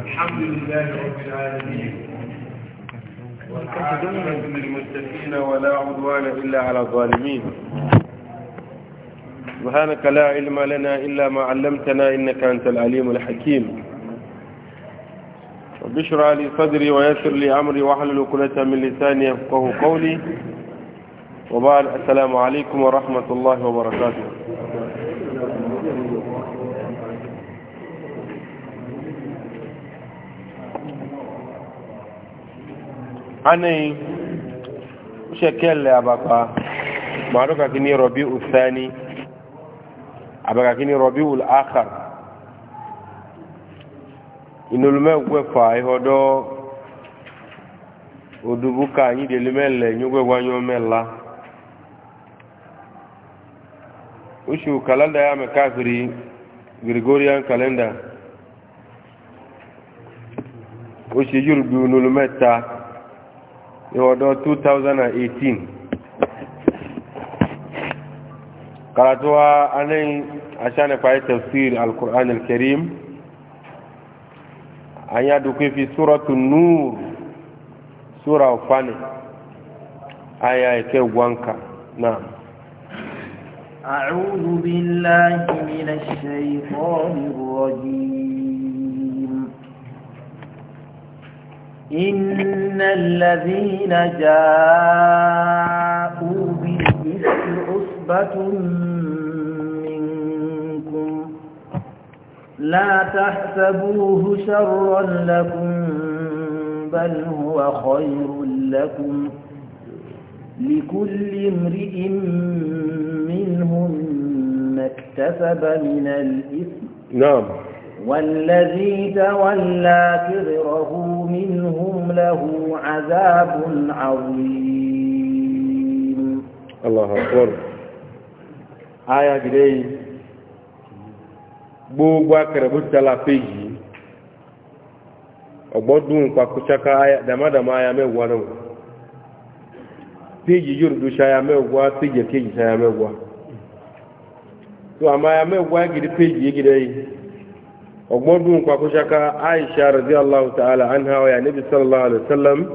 الحمد لله رب العالمين والعاقبة للمتقين ولا عدوان إلا على الظالمين سبحانك لا علم لنا إلا ما علمتنا إنك أنت العليم الحكيم رب لي صدري ويسر لي أمري واحلل عقدة من لساني يفقهوا قولي وبعد السلام عليكم ورحمة الله وبركاته anayi shekelle abaka maru kakini rabi'u thani abaka kini rabi'u al-akhar inulume gwe fa ihodo odubuka anyi delimele nyugwe gwanyo mela ushu kalenda ya mekafiri gregorian kalenda, ó ṣe yóò gbé ní ọdún 2018 karatuwa anan ashana kwaye tafsir al-qur'an al-karim an ya dukwai fi suratun nur sura ufani aya ke gwanka na أعوذ بالله من الشيطان الرجيم إن الذين جاءوا بالإسر عصبة منكم لا تحسبوه شرا لكم بل هو خير لكم لكل امرئ منهم ما اكتسب من الإثم نعم والذي تولى كبره منهم له عذاب عظيم الله أكبر آية جدي gbogbo akẹrẹbùtala péjì ọgbọ́dún pàkúṣaka dàmádàmá aya mẹ́wàá náà péjì yóò rúdú ṣaya mẹ́wàá péjì kéjì ṣaya mẹ́wàá tó àmà aya mẹ́wàá gidi péjì gidi ọgbọ́dún kwakwashaka aisha radiyallahu ta'ala an hawa ya nabi sallallahu alaihi wasallam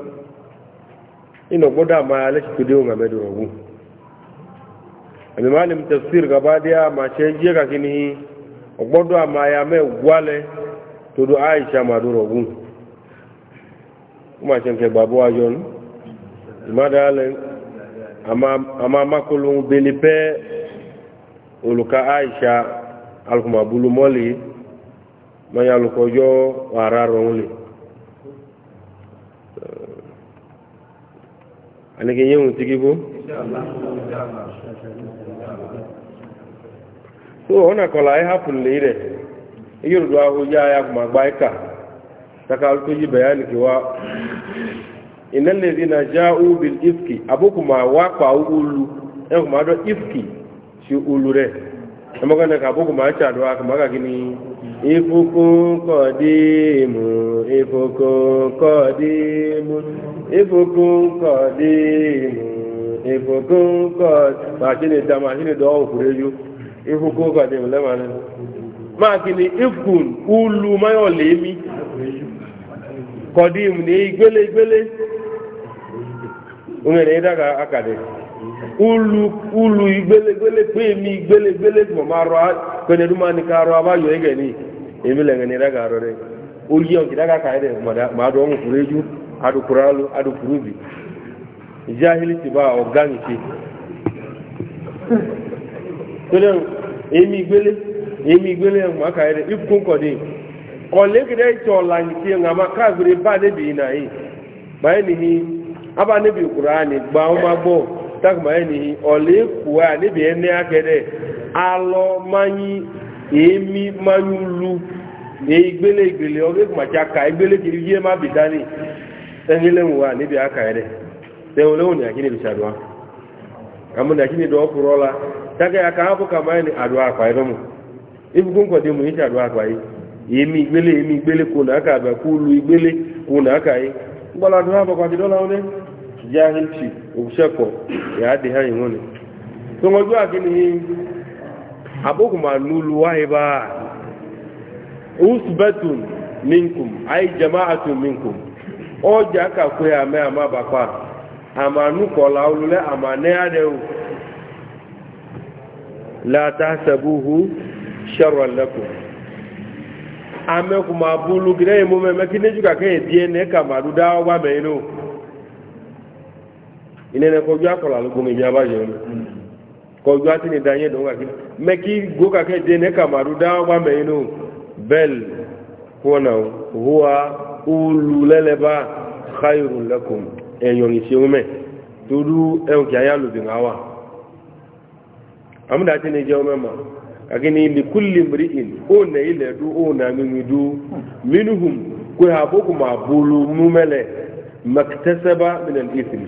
ina gwada ma ya lashe kudi wa game da ragu alimalim tafsir gaba daya ma ce je ka kini ọgbọ́dún ma ya mai gwale to do aisha ma do ragu kuma ce ke babu wajon imadalen amma makulun belipe oluka aisha alkumabulu moli manya lukojo wara rongli ani ke yewu tigibu so ona kola ai hapun leire yir do ahu ya ya kuma baika taka alkuji bayani kiwa innal ladhina ja'u bil ifki abukuma waqa'u ulu e kuma do ifki shi ulure ẹmọ́gọ́nà kàbókù máa ṣàdọ́ akọ̀mọ́gà gini ìfúkú kọ̀dímù ìfúkú kọ̀dímù ìfúkú kọ̀dímù ìfúkú kọ̀dímù màṣínì dá màṣínì dọ́ òkúrẹ́ yú ìfúkú kọ̀dímù lẹ́màá lẹ́nu máa gini ìfún ulu máyọ̀ lèémi kọ̀dímù ní ìgbélé ìgbélé òun ẹ̀rẹ́ ìdága akàdé ulu ulu igbelegbele pe mi igbelegbele mo ma ro du ma ka ro aba yo ka mo ma do mu kureju adu kuralu adu kurubi jahili ti ba o ti emi igbele emi igbele mo ka ko de le la ni ti nga ma ka gure ba de bi na yi e. ba ni aba ne bi qur'ani gba o ma takuma enihi ọle kuwa níbi ẹni akẹdẹ alọ manyi èémí manyi lu ìgbélé ìgbélé ọgẹ kùmàtsá ka ìgbélé kiri yé má bì dání ẹnilẹ́wọ̀n wa níbi aka yẹ dẹ ní akíní bisadu wa ní akíní dọ̀ kúrọ́ la takẹ́ aka hàn fún kama ẹni adu akpa yẹ dọ́mu ibùkún kọ̀dé mu yìí ti adu akpa yìí èémí ìgbélé èémí ìgbélé kò nà aka abẹ kó lu ìgbélé kò nà aka yìí gbọ́dọ̀ adu abọ́kọ̀ àti dọ́là wọn dẹ jáhìntì. òṣèkọ̀ ìyáàdì ha ìwọ̀n ni tó wọ́n jọ àbókùnmà lulu wáyé bá usbetun minkum ayi jama'atun minkum ọjà kàkó ya mẹ́ àmà bàpá àmà nukọ̀lá olùlẹ́ àmà nẹ́yàdẹ́wò látàṣàbùhù ṣẹ̀rọ̀ lẹ́kùn amẹ́kùnmà búlù gírẹ́yìn mú mẹ́mẹ́kí níjú kàkẹ́yìn díẹ̀ nẹ́kà màdúdá ọgbà mẹ́rin náà inene ko jwa ko lalu kumi nyaba yo ko jwa tini danye do ngaki meki go ka ke dene kamaru da wa me inu bel kona huwa ululeleba khairul lakum e yoni siume tudu e o kya lu bingawa amda tini je o mema akini li kulli mri'in ona ile du ona mimidu minhum ko ha boku ma bulu mumele maktasaba min al-ithmi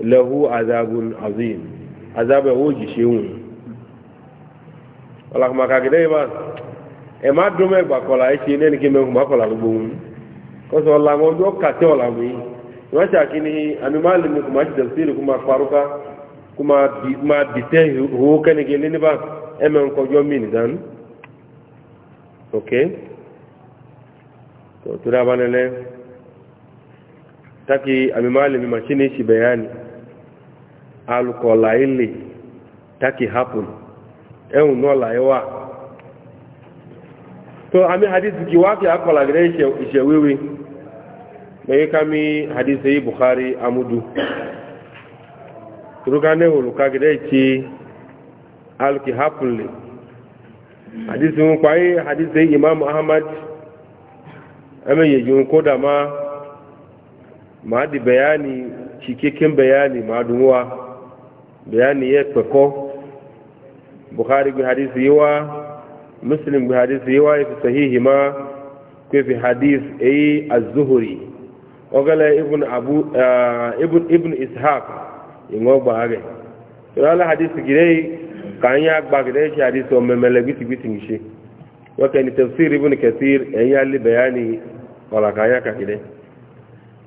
lahu azabun azim azaba woji seun wala kuma kagide ba e ma do me gbakola e ti neni ki me kuma kola lugbo un ko so la mo do ka te ola mi wa sha kini ami malim kuma ji tafsir kuma faruka kuma bi ma bi te ho kan ge ni ba e me ko jo min dan okay to tura banele taki ami malim ma shine shi bayani alukɔla yi taki happen ɛhun nɔla yi wa so ami hadisi ki wa fi akɔla gɛrɛ isɛ wewe mɛyi kami hadisi yi buhari amudu turuka ne holo ka gɛrɛ itsi aluki happen le hadisi ŋun kpa ye hadisi imam ahmad ɛmɛ yejun ko dama maa di bayani tsi keken bayani maa dun wa. bayani ya kpako bukhari bi hadisi yiwa muslim bi hadisi yiwa fi sahihi ma ko fi hadis ay az-zuhri ogala ibn abu ibn ibn ishaq ingo baage wala hadisi girei kan ya gbagire shi hadisi o memele biti biti ngishi wa kan tafsir ibn kathir ay yali bayani wala kan ya ka gire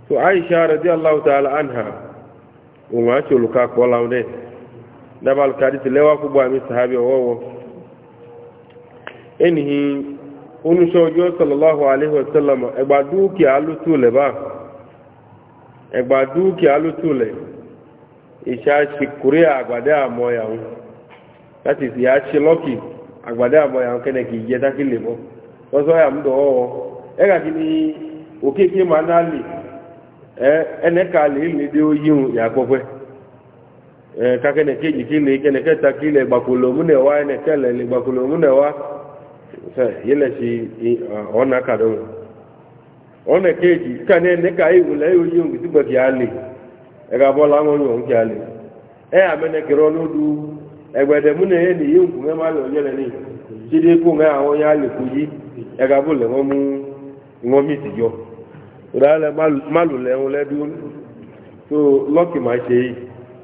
to aisha radiyallahu ta'ala anha umma chuluka ko lawde daba alkadisi lẹ́wà kúgbọ́ àmì sàhábì ọwọ́wọ́ ẹnìhì oníṣẹ́ ojú sallallahu alaihi wasallam ẹgbà dúkìá lótúlẹ̀ bá ẹgbà dúkìá lótúlẹ̀ ìṣàṣì kúrẹ́ àgbàdẹ́ àmọ́yàwó láti fi àṣì lọ́kì àgbàdẹ́ àmọ́yàwó kẹ́nẹ̀ kì í jẹ́ tákì lè mọ́ wọ́n sọ àmì dọ̀wọ́wọ́ ẹgbà kí ni òkèké máa ná lè ẹnẹ́ka lè lè dé ó ya ìyàgbọ́pẹ́ Eh, kakene keji kile kene keta kile bakulu mune wa ne kele le bakulu mune wa se yele si ona kado ona keji kane ne kai ule yo yungu tiba ki ali e ga bola mo yo ki ali e amene kiro no du egbede mune e, ni yungu me ma lo yele ni jide ku me awon ya le kuji e ga bole mo mu ngo mi ti yo ura le malu le un le du so lucky ma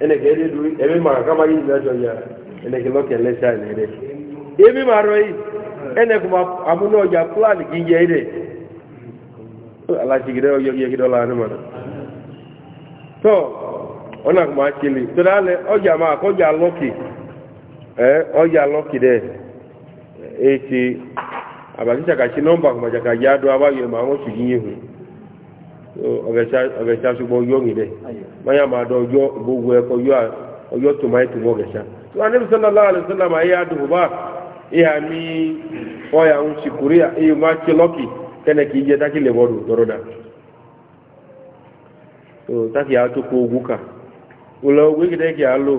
ẹnẹkẹ ẹdẹ du ẹmí màkà kama yìí ní ẹjọ yà ẹnẹkẹ lọkẹ lẹsẹ àná ẹdẹ ẹmí màá rọ yìí ẹnẹkẹ amúnú ọjà fúlàní kì í yẹ ẹdẹ alásìkìdẹ ọyọ yẹ kìdọ lànà mọ tọ ọ̀nà kò máa kele tọ́lá lẹ ọjà máa kọjá lọ́kì ẹ ọjà lọ́kì dẹ ètè àbàtìsàkàṣì nọ́mbà kò máa jàkà yá do abáyọ màá wọ́n sùn yín yé hùn ọ̀gẹ̀ṣà ṣùgbọ́n ọjọ́ mi dẹ̀ báyà máa dọ ọjọ́ gbogbo ẹ̀kọ́ ọjọ́ tó máa tún ọ̀gẹ̀ṣà. wọn ní bisalòlá alẹ́sọ́lá máa yá àdùnkù bá ìhà mi ọ̀yà ń ṣì kúrí èyí máa ṣe lọ́kì kẹ́nẹ̀ kì í jẹ́ tákì lè wọ́dù tọ́rọ̀dà. tákì á tó kó ogun kà ọlọ ogun kìdẹ́ kì á lò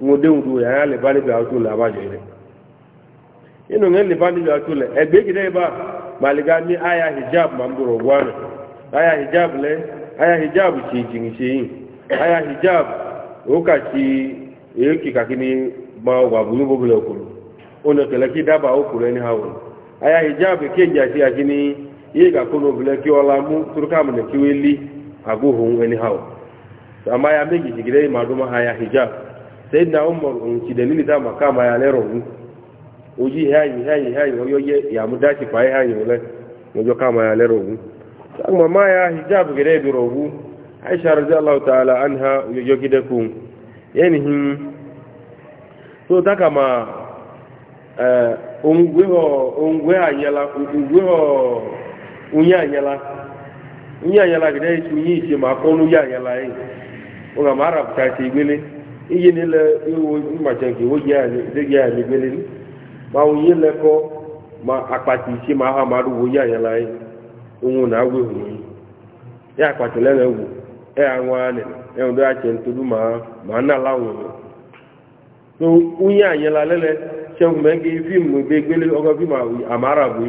ŋudenw do yan y'a leba e ni bi aw t'o la a b'a dị i dɛ i nu ŋa leba bi hijab ma n bɔrɔ guwa hijab lɛ aya hijab ci jigi ci yin a hijab o ka ci e ki kini ma ọ bulu bo bila na kɛlɛ k'i daba o kolo hawo Aya hijab e ke ka bila k'i mu turuka k'i a b'o hawo y'a sayyidina umar unki dalili dama kama ya lero ni oji hayi hayi hayi oyo ye ya mudashi fa hayi ole ojo kama ya lero ni amma ma ya hijab gire bi rogu aisha radiyallahu ta'ala anha ojo kide ku so taka ma eh ongwe ho ongwe unya anyala unya anyala gide ti yi se ma ko lu ya anyala iye nílẹ̀ iwo ìmàjẹ̀kì owó yẹ́ àyè gbélé ní ma onye lekọ ma akpati isi ma ha ma rúwo yẹ́ ohun na wé òun yìí ya àpàtì lẹ́nà wò ẹ àwọn àlẹ̀ ẹ̀hún tó àṣẹ nítorí ma ma ná láwọn èèyàn tó ń ma àyè e la lẹ́lẹ̀ ṣẹ́gun mẹ́gẹ́ fíìmù gbé gbélé ọkọ̀ fíìmù àmàrà wò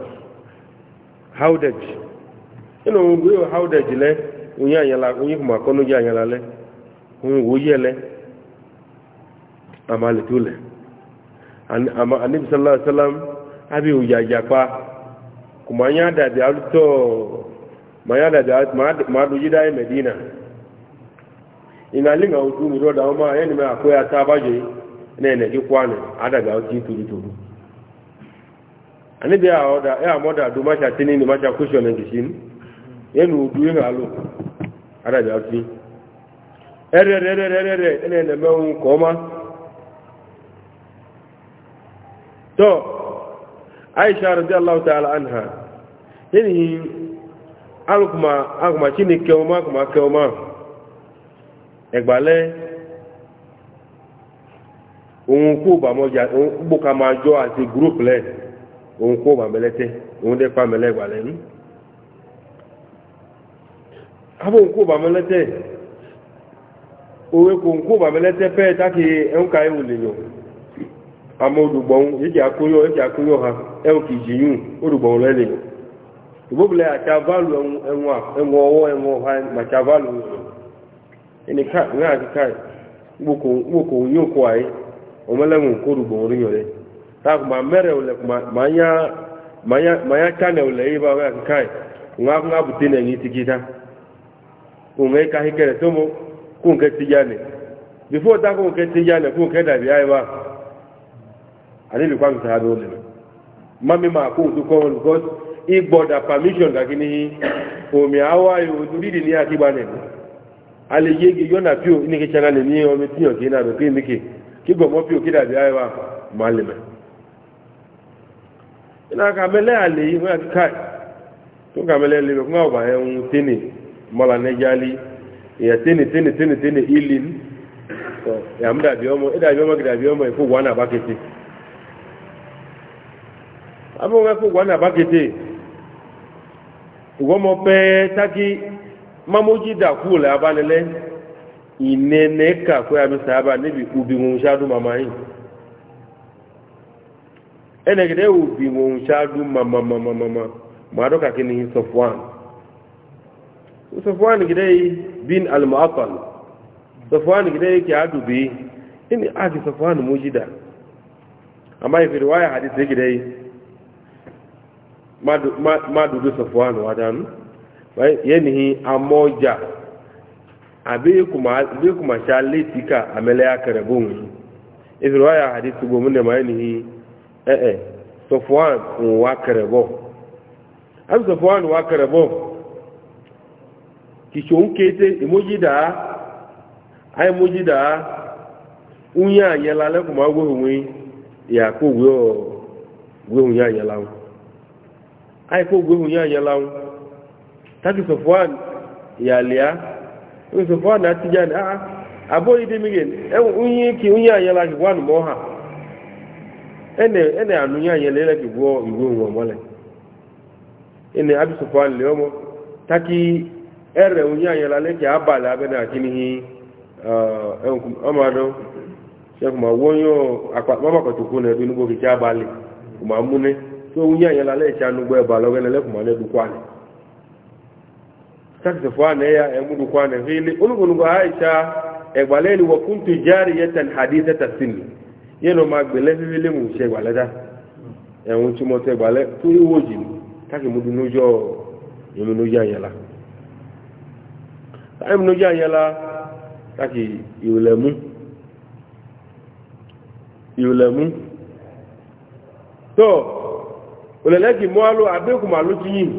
yìí haudaj ina wọn gbé haudaj lẹ onye anyala onye kuma kọnu jẹ anyala lẹ ohun wo yẹ lẹ amaletu lẹ anabi sallallahu alaihi wasallam abi ojaja pa kuma anya adabi alutọ ma anya adabi ma adoji dayi e medina ina linga otu mi rọda ọma ẹni mẹ akọ ya ta abajọ yi na ẹnẹ kíkọ anẹ adabi alutọ ituru ituru. anibi a ọda ya amọda do macha tini ni macha kushọn na nkishin yenu odu ihe alụ adabi ati ererererere ene na emenwu nke ọma to aisha radiyallahu ta'ala anha yenihi alụkuma akụma chineke ọma akụma ke ọma ẹgbàlẹ ohun kú ma gbókàmájọ àti gúrúpù lẹ́yìn òun kó màmẹ́lẹ́tẹ́ òun dẹ́ pa mẹ́lẹ́gbà lẹ́nu abo òun kó màmẹ́lẹ́tẹ́ òwe kò òun kó màmẹ́lẹ́tẹ́ pẹ́ẹ́ tákì ẹ̀ńkà ẹ̀wò lèyàn àmọ́ olùgbọ̀n èjì akóyọ èjì akóyọ ha ẹ̀wọ̀n kì í jìyún olùgbọ̀n lẹ́lẹ́yàn ìbóbilẹ̀ àtàválù ẹ̀wọ̀n ọwọ́ ẹ̀wọ̀n ọ̀há ta kuma mere ule kuma manya manya manya chane ule iba wa kai nga nga butine ni tikita ungai ka hikere tomo kun ke tijane before ta kun ke tijane kun ke da biya ba ani lu kwang ta dole mami ma ku du ko because i border permission ga kini o mi awa yo dudidi ni akibane ale yege yona pio ni ke chana ni o mi tiyo kina do kimi ki kibo mo pio kida biya ba malime ina ka mele ale yi ka kai to ka mele le ma ba he un tini mala ne jali ya tini tini tini tini ilin to ya mda bi omo ida bi omo gida bi omo ifu wana bakete abu ga ku wana bakete ugo mo pe taki mamoji da ku le abalele inene ka ko ya bi sahaba ni bi ubi mun shadu mama yin enegide ewu bi mo nsaadu mamamamamama maado kakini sofwan sofwan gidei bin almuakal sofwan gidei ki adu bi ini aki sofwan mujida amma ifi riwaya hadisi gidei madudu sofwan wadan yenihi amoja abi kuma sha letika amele ya kare bunwi ifi riwaya hadisi gomu ne ma yenihi ee eh, eh, sọfwan nwa kẹrẹbọ abi sọfwan nwa kẹrẹbọ daa ayi emoji daa unyi anyala lẹ kò máa wéwu wé yà kó wéwọ wéwu yà anyala wò ayi kó wéwu yà anyala wò taki sọfwan ene ene anunya yele le kibo iwo won mole ene abi sufan le omo taki ere unya yele le ki abala abe na kini hi eh enkum amado se kuma wonyo apa mama ko tukun e binu go ki abale kuma mune so unya yele le cha nu go e balo gele le kuma le du kwani taki sufan ya e mu du kwani hili ulugo nugo aisha e gbaleni wa kuntu jariyatan hadithatan sinni yẹnu ma gbẹlẹ fífi lé mu ṣe gbalẹ dá ẹ̀hún tí mo tẹ gbalẹ tó yíwò jì mí káàkì mo dunu jọ èmi nu yá yẹla èmi nu yá yẹla káàkì ìwòlẹ̀mú ìwòlẹ̀mú tó òlẹ̀lẹ́kì mọ́ alo abẹ́kùnmá ló ti yìn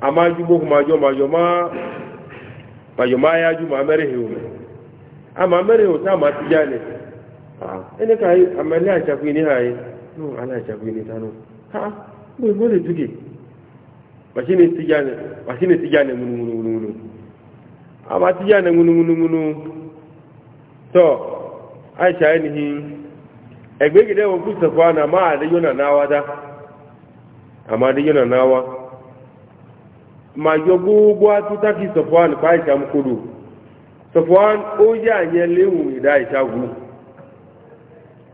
àmájú gbókùnmájọ màjọmá màjọmá ayájú màmẹ́rẹ̀ hìwò mẹ́ àmàmẹ́rẹ̀ hìwò ene ka yi amma ne a shafi ne haye no ana a shafi ne tano ha bai gode duke ba shi ne tiya ne munu-munu-munu amma tiya ne munu-munu-munu to aisha ainihin ẹgbẹ́ gida wọn kú safa na ma a dayo na nawa da amma na nawa ma yọ gbogbo atutaki safa na fa aisha mkodo safa o yà yẹ léwu ìdá ìṣàgùn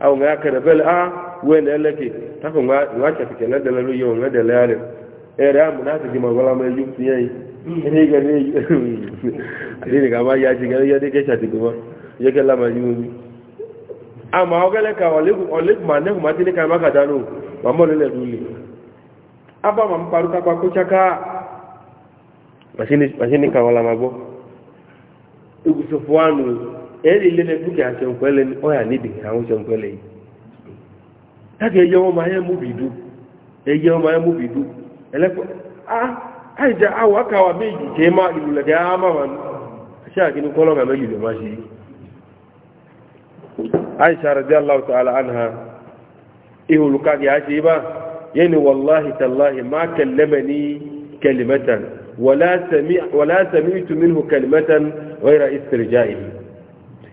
au nga ka da bel a wanda ya lake ta ko nga nga ka fike na dalalu yo nga dalale ere amu na ta jima wala mai yusu yayi ene ga ne ade ga ba ya ji ga ya de ke shati ko ya ke la ma yu ama o gele ka ole ole ma ne ma ti ne ka ma ka danu ma mo le duli aba ma mparu ka kwa kuchaka mashini mashini ka wala mago ugusofuanu ẹ̀rì lé lẹ́gbù kí àṣẹǹkwẹ́lẹ́ ọ̀yà níbi àwọn ṣẹǹkwẹ́lẹ́ yìí láti ẹyẹ ọmọ ayé múbi dú ẹyẹ ọmọ ayé múbi dú ẹlẹ́pọ̀ àìjà àwọn akáwà méjì jẹ́ má ìlúlẹ̀kẹ́ àmàwọn ṣe àkínú kọ́lọ́mà méjì lè má ṣe aisha radiyallahu ta'ala anha ihuluka ki a ṣe ba yẹni wallahi tallahi ma kallama ni kalimatan wala sami'tu minhu kalimatan ghayra istirja'ihi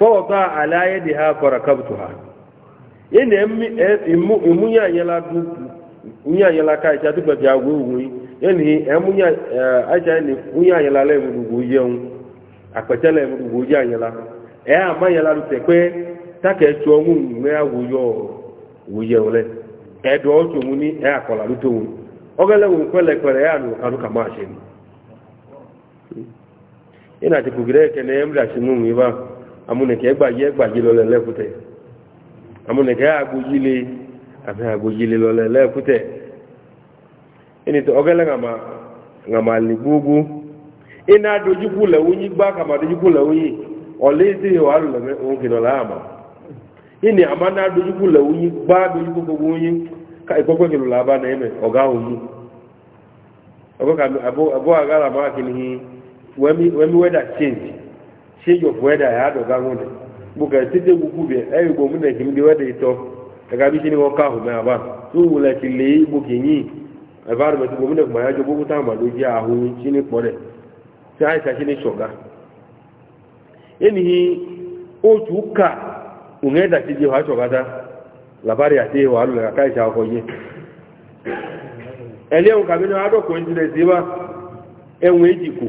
fọwọ́tọ́ àláyé di ha kọ̀rọ̀ kabutuha yìí na ìmúnyà yẹla dúkù ìmúnyà yẹla ká enyi àdúgbàgbé àgbo òwò yìí yìí ni ẹmúnyà àṣà ni ìmúnyà yẹla lẹ́yìn gbogbo yẹun àpẹtẹ lẹ́yìn gbogbo yẹ àyẹla ẹ̀ àmà yẹla dùtẹ̀ pé tákẹ́ tó ọ̀hún ìmúnyà wòyọ̀ wòyẹun lẹ ẹ̀dọ̀ ọ̀tún ní ẹ̀ àkọlà lótó wọn ọgẹlẹ́wọ̀n ya na àlù kálukà máa ṣe ni yìí na àti ebe a. amúnẹ̀kẹ́ gbàjẹ́ gbàjẹ́ lọ́lẹ̀ lẹ́kútẹ̀ amúnẹ̀kẹ́ àgbójílé àmì àgbójílé lọ́lẹ̀ lẹ́kútẹ̀ ẹni tó ọgẹ́lẹ́ ǹgàmà lè gbogbo iná dojúkú lẹ́wọ́nyí gbá kàmà dojúkú lẹ́wọ́nyí ọ̀lẹ́ sí ìwà lọ́lẹ̀ òun kìnnà láàmà change of weather ya doga ngone buga tete gugube ayo go mune kimdi weather ito daga bi shini woka hu me aba tu wula kile buki ni abar me go mune kuma ya jo bugu ta ma doji ahu shini pore sai ai sa shini shoga enihi otu ka ungeda tije ha shoga ta labari ate wa alu ka kai sha ko ye ele un kabino ado ko ndire ziba enwe jiku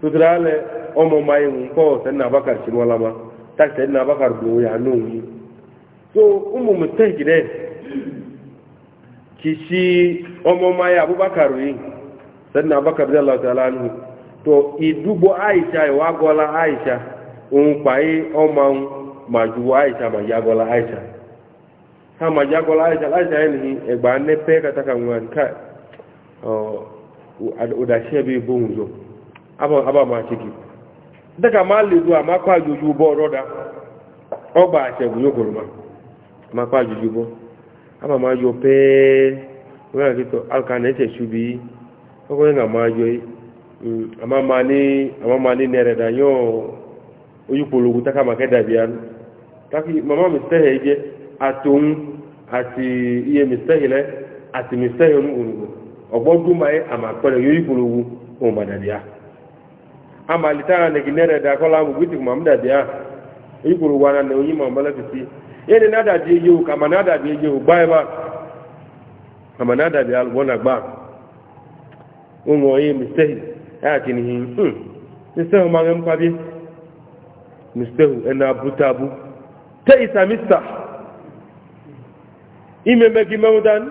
sutura lɛ ɔmɔ ma ye ŋun kɔ sɛnɛ abakar sinwala ma ta sɛnɛ abakar do ya n'o ye so umu mu tɛnki dɛ kisi ɔmɔ ma ye abubakar ye sɛnɛ abakar de la taala nu to idugbɔ aisha ye wa gɔla aisha ŋun kpa ye ɔma ŋun ma jugu aisha ma ya gɔla aisha ha ma ya gɔla aisha aisha ye nin ɛgba ne pɛ ka taa ka ŋun oh, ka ɔ o da seɛ bɛ bon zɔn. aba ma kiki daga ma le do ma kwa joju bo roda ogba ase bu yokoro ma ma kwa joju bo aba ma yo pe wona ki to alkanete subi ogo nga ma yo e. mm ama ma ni ama ma ni nere da yo oyipologu taka ma keda taki mama mi tehe je atun ati ihe mi tehile ati mi tehe mu ogbodun ma e ama pere yo oyipologu o ma da bian amalitara neginere da kola mu guti kuma mda biya ikuru wana ne onyi mambala fiti yene nada bi yewu kama nada bi yewu bai ba kama nada bi alwona ba, ungo yi mistehi ya kini hin hmm mistehu mangem kwabi mistehu ena butabu te isa mista ime megi maudan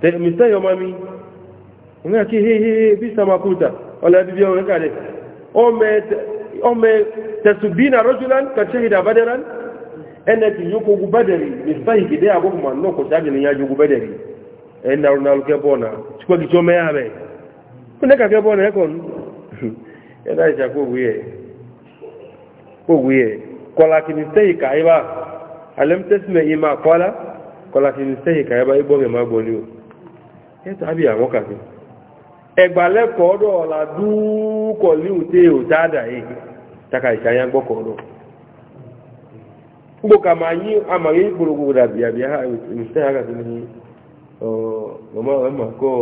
te mistehu mami nga ki he he bisa makuta wala bibiyo ngade ome tasubina rajulan ka shahida badaran ene ti yuko gu badari ni sai kide abo kuma no ko tabi ni yaju gu badari en na na bona chiko ki chome yabe kune ka ke bona ekon ena ja ko wiye ko wiye kola ki ni sai ka iba alam tasma ima kola kola ki ni sai ka iba ibonge magoni eto abi awon ka ẹgbàlẹ́kọ̀ọ́ ọ̀dọ̀ ọ̀la dúkọ̀ líhùté òtáàdà yìí e. taka ìṣàyà gbọ́kọ̀ ọ̀dọ̀ gbogbo ka máa yí àmàrí gbogbo dàbí àbí ìṣẹ́ àgàtí ní ọmọ ẹ̀mọ̀kọ́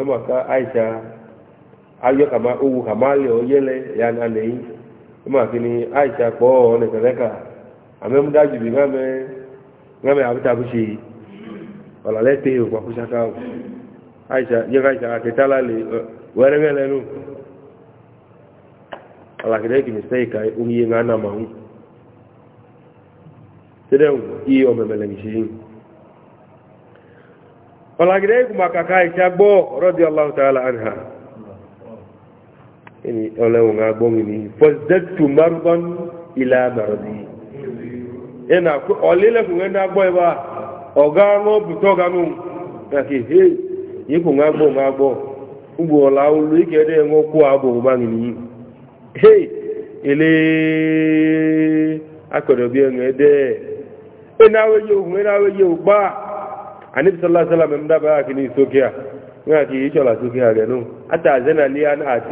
ẹ̀mọ̀ká àìṣà ayọ́ kàmá owó kàmá lẹ̀ ọyẹ́lẹ̀ yàrá lẹ́yìn ẹ̀mọ̀kí ni àìṣà pọ̀ ọ̀nẹ̀kẹ̀lẹ́kà àmẹ́múdájú bí ńgámẹ́ àbítàkùṣe ọ̀làlẹ́tẹ̀ òpàkùṣàkà ọ̀hún aisha yega aisha akitala li werenge lenu alakide ki mistake ai ungi ngana ma un tede u i o memele ku makaka aisha gbo radiyallahu ta'ala anha ini marban ila maradi ena ku ngenda ba oga ngo butoga ikwu nwa agbọghọ nwa agbọghọ ugbola olu ike dị enwe okwu agbụgbụ gbanwere iyi hei eleakpọrọbi enwe de enaweghị ohu enaweghị ugba anibisala salam m daba aki na isoke a nwa ka ihe chọla soke ha li ya ati ya náà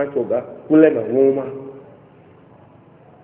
ṣọ̀gá máa.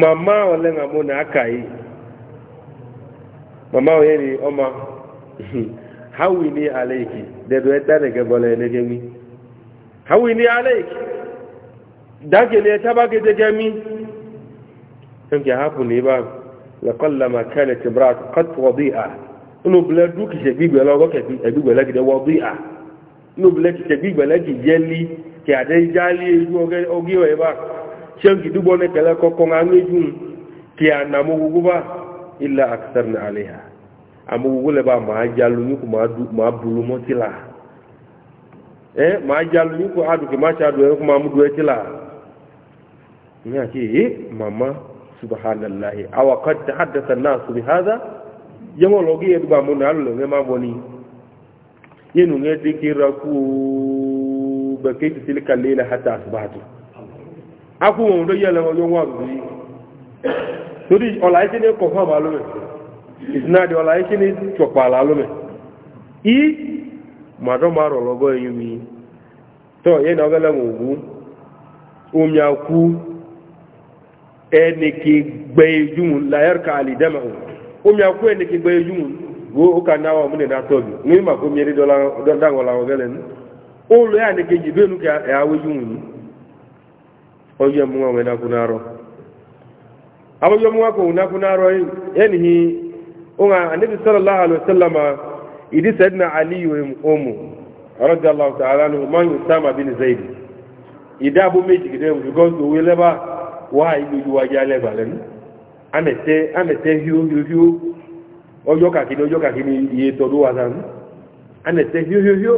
mama ọlẹ́ngà mọ́ nà áka yìí mama ọ̀yẹ́ ni ọma hawi ni aleiki dẹ̀dọ̀ ẹ̀dá nìkẹ́ bọ́lẹ̀ ẹ̀nẹ́gẹ́ mi hawi ni aleiki dákẹ̀lẹ̀ ẹ̀tábákẹ́tẹ́gẹ́ mi ẹnkẹ́ hapù ní ibà lẹ́kọ́lẹ́mà kẹ́lẹ̀ tìbra kọ́tùwọ́ bí a inú bilẹ̀ dú kìsẹ̀ gbígbẹ̀ lọ́gọ́ ẹ̀gbígbẹ̀lẹ́ kìdẹ̀ wọ́ bí a inú bilẹ̀ kìsẹ̀ gbígbẹ̀lẹ́ kìjẹ́lí kìadẹ́ jálí ojú ọgẹ́ ọgẹ́ ọ̀ shan gidubo ne kala ko ko ngani jun ti anamu guguba illa aksarna alaiha amu gugule ba ma jalu ni kuma du ma bulu motila eh ma jalu ni ko adu ke ma sha du eh, kuma mu du etila ni ake eh, mama subhanallah aw qad tahaddatha an-nas akwụwọ ndo yẹlẹ ọjọ wọn àbúrò yìí torí ọ̀là iṣẹ́ ní kọ̀ fáwọn ọ̀là ní i màdọ́mà rọ̀ lọ́gọ́ yìí mi tọ́ yẹn náà ọ̀gẹ́lẹ̀ mọ̀ òwú omi àkú ẹnìkì e gbẹ̀yẹ̀dùn láyẹ̀rẹ̀kà er àlìdẹ́mà omi àkú ẹnìkì e gbẹ̀yẹ̀dùn wo ó kà náà wà mú nìdá ní dọ́là oye mu ŋa ŋena kunaro abo yo mu ŋa ko kunaro eh, yen hi ŋa anabi sallallahu alaihi wasallam idi sayyidina ali umu radiyallahu ta'ala anhu man usama bin zaid ida meji gide mu go we wa ibi ju wa jale balen amete amete hiu hiu hiu ojo ka kini ojo ka kini to do wa san amete hiu hiu hiu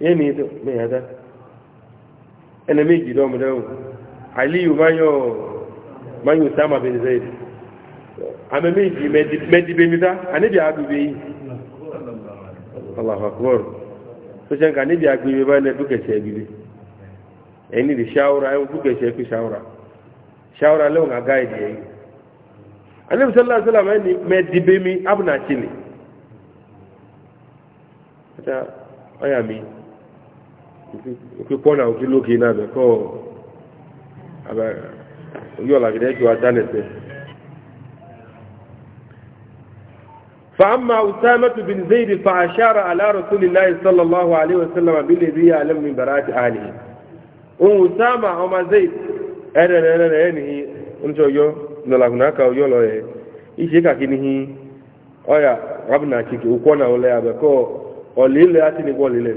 yen ni to me ada ẹni méjì lọ́mù lẹ́wọ̀n aliyu mayo sama bin zaid àmì méjì mẹ́dìbẹ̀míta àníbi àgbègbè yìí allahu akbar tó ṣe ń ka níbi àgbègbè bá ilẹ̀ dúkẹ̀ṣẹ̀ gbìlẹ̀ ẹni di ṣáwúra ẹwọ dúkẹ̀ṣẹ̀ fi ṣáwúra ṣáwúra lẹ́wọ̀n àgá ìdí ẹ̀yìn àníbi sọ́lá sọ́lá mẹ́dìbẹ̀mí òkè pọ́nà òkè lókè náà bẹ̀ kọ́ yọ̀ làgídẹ́ ju adánẹ̀tẹ̀. فأما أسامة بن زيد فأشار على رسول الله صلى الله عليه وسلم بالذي يعلم من براءة أهله أم أسامة أم زيد أنا أنا أنا أنا أنا أنا أنا أنا أنا ishe ka kini hi oya rabna chiki ukona ole abe ko olile ati ni bolile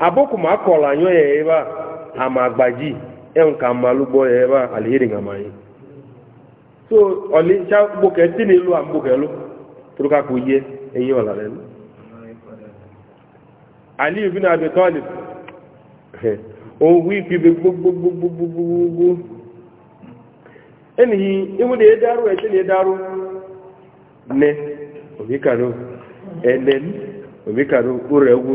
aboku ma akọla anyọ ya ebe a ama agbaji enka mmalụ gbọ ya ebe a alihiri nga manyị so ọlịcha gboke ti n'elu a mgbokelu tụrụ ka kwụye enyi ọla lelu aliyu bi na abi talib ohun ifibe gbogbogbogbogbogbogbogbo eniyi iwu na edaru ẹsẹ na edaru ne omikano enen omikano ụrọ egwu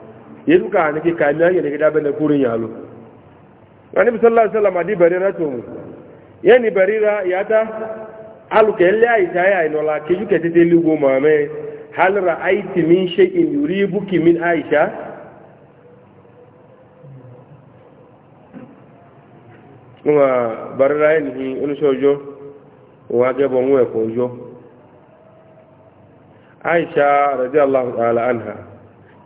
yelu ka ne ke kamiya ne ke da bane kurin yalo annabi sallallahu alaihi wasallam adi barira to mu yani barira yata alu ke le ai ta ai no la ke yuke tete li go mame hal ra'aiti min shay'in yuribuki min aisha wa barira ni onu sojo wa ge bo mu e ko jo aisha radiyallahu ta'ala anha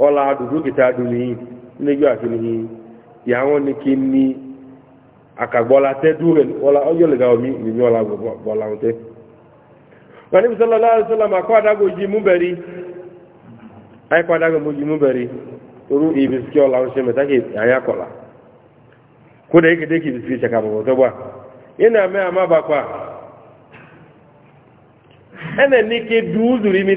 ọla dùdú kìtà dùnì níjú àfihì ìyàwó ni kí ní àkàgbọ́lá tẹ́dú rẹ̀ ọlá ọjọ́ lè ga omi ìmí ọlá bọ̀lá ń tẹ́ wọn níbi sọlọ láàrín sọlọ mà kọ́ àdágò jí mú bẹ̀rí àìkọ́ àdágò mú bẹ̀rí torú ọlá ṣe àyà bọ̀bọ̀ tó bọ̀ yín mẹ́ ní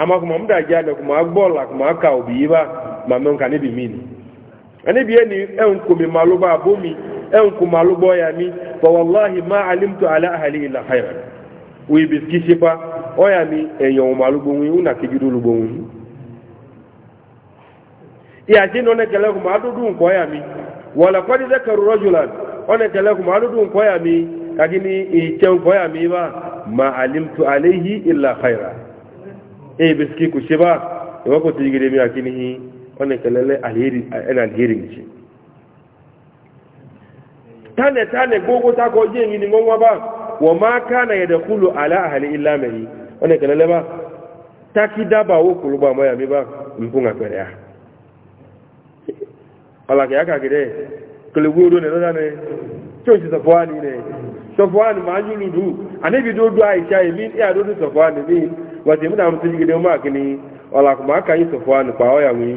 ama kuma mu da gya da kuma agbɔl a kuma aka obi yi ba ma mɛ nka ne bi mi ni ɛne bi ɛni ɛnko mi ma lobo abo mi ɛnko ma lobo ya mi fa walahi ma alim to ala ahali ila hayra oye bisiki si pa ɔya mi ɛnyɛn o ma lobo ŋun una kebi do lobo ŋun yàtí ní ɔnɛkɛlɛ kuma adudu nkɔ ya mi wala kɔdi dɛ kɛrù rɔjulan ɔnɛkɛlɛ kuma adudu nkɔ ya mi kakini ìtsɛ nkɔ ya mi ba ma alim to alehi ila hayra e eh, biski ku shi ba da wako ta yi gire miya kinihi wannan kalalle alheri yana alheri ne ce tane tane gogo ta ko je ni ngonwa ba wa na kana yadkhulu ala ahli illa mahi wannan kalalle ba takida ba wo kuluba moya mi ba mpunga kwere ya ala ke aka gire kuluguru ne da ne to shi safwani ne safwani ma yuludu anabi do e do aisha yi min ya do do safwani min wàtí mú náà mùsùlùmí gidi máa kí ni ọ̀là kò máa kàyí sọ̀fọ́ ànùpà ọ̀yà wí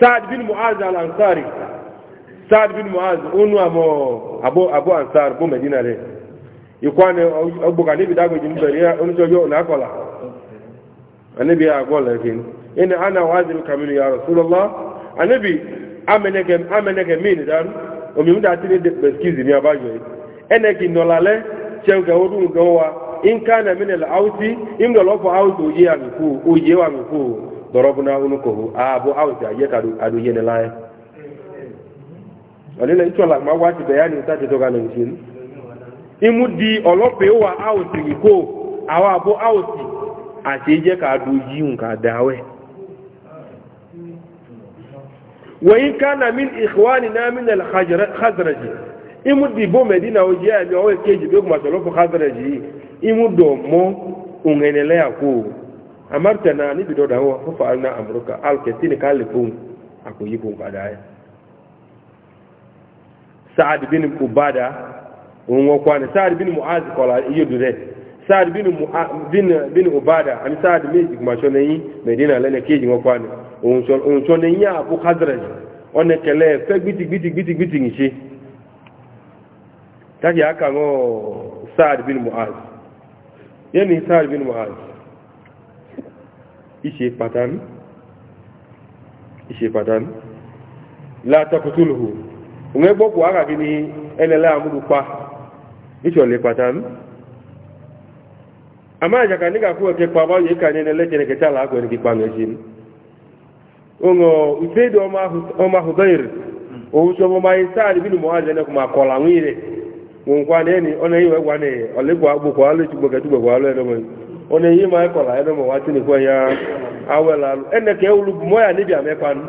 saad bin muaz al saad bin muaz onu àmọ́ abo abo ansar bó medina rẹ̀ ikú àná ọgbọ̀gà níbi dágbèjì mbẹ̀rẹ̀ oníṣọ́jọ́ anabi ana ya anabi omi ni enegi nolale cheuga odu gowa inkana min al ausi ingolo fo ausi oye anku oye wa anku dorobna unuko abu ausi ayeka du adu yene lai alila itola ma wati bayani utati toka na nchini imudi olope wa ausi ko awa abu ausi atije ka du yiun ka dawe وإن كان من إخواننا من الخزرج imu dibo medina o jẹ ẹmi ọwọ ekeji bí o kò máa sọ lọfọ kásẹrẹ yìí imu dọ mọ òǹhẹnẹlẹ àkó amárùtẹnà ni dọdà wọ fọfọ alina amúrúkà alkẹtì ní ká lè fóun àkòyí fóun padà yẹ. bin ubada òun wọ kwani saadi bin muaz kọla iye dure saadi bin bin bin ubada àni saadi méjì kò máa sọ lẹyìn medina lẹni keji wọ kwani òun sọ lẹyìn àkó kásẹrẹ yìí ọ̀nà kẹlẹ fẹ gbìtìgbìtìgbìtìgbìtì nìṣe. taki aka ngo Sa'ad bin Mu'az yani Sa'ad bin Mu'az ishe patan ishe patan la taqtuluhu unge boku aka kini le patan ama jaka nika kuwa ke pa bawo yeka la leje ne ketala ko so ma Sa'ad bin nkwa na eni ọ na-eyi wee gwa ọlịkwa gbokwa alụ chigbo ka chigbokwa alụ edomo ọ na-eyi ma ekọla edomo wa tinekwa ya awela alụ ene ka ewulu bụ mọ ya n'ibia mekwanụ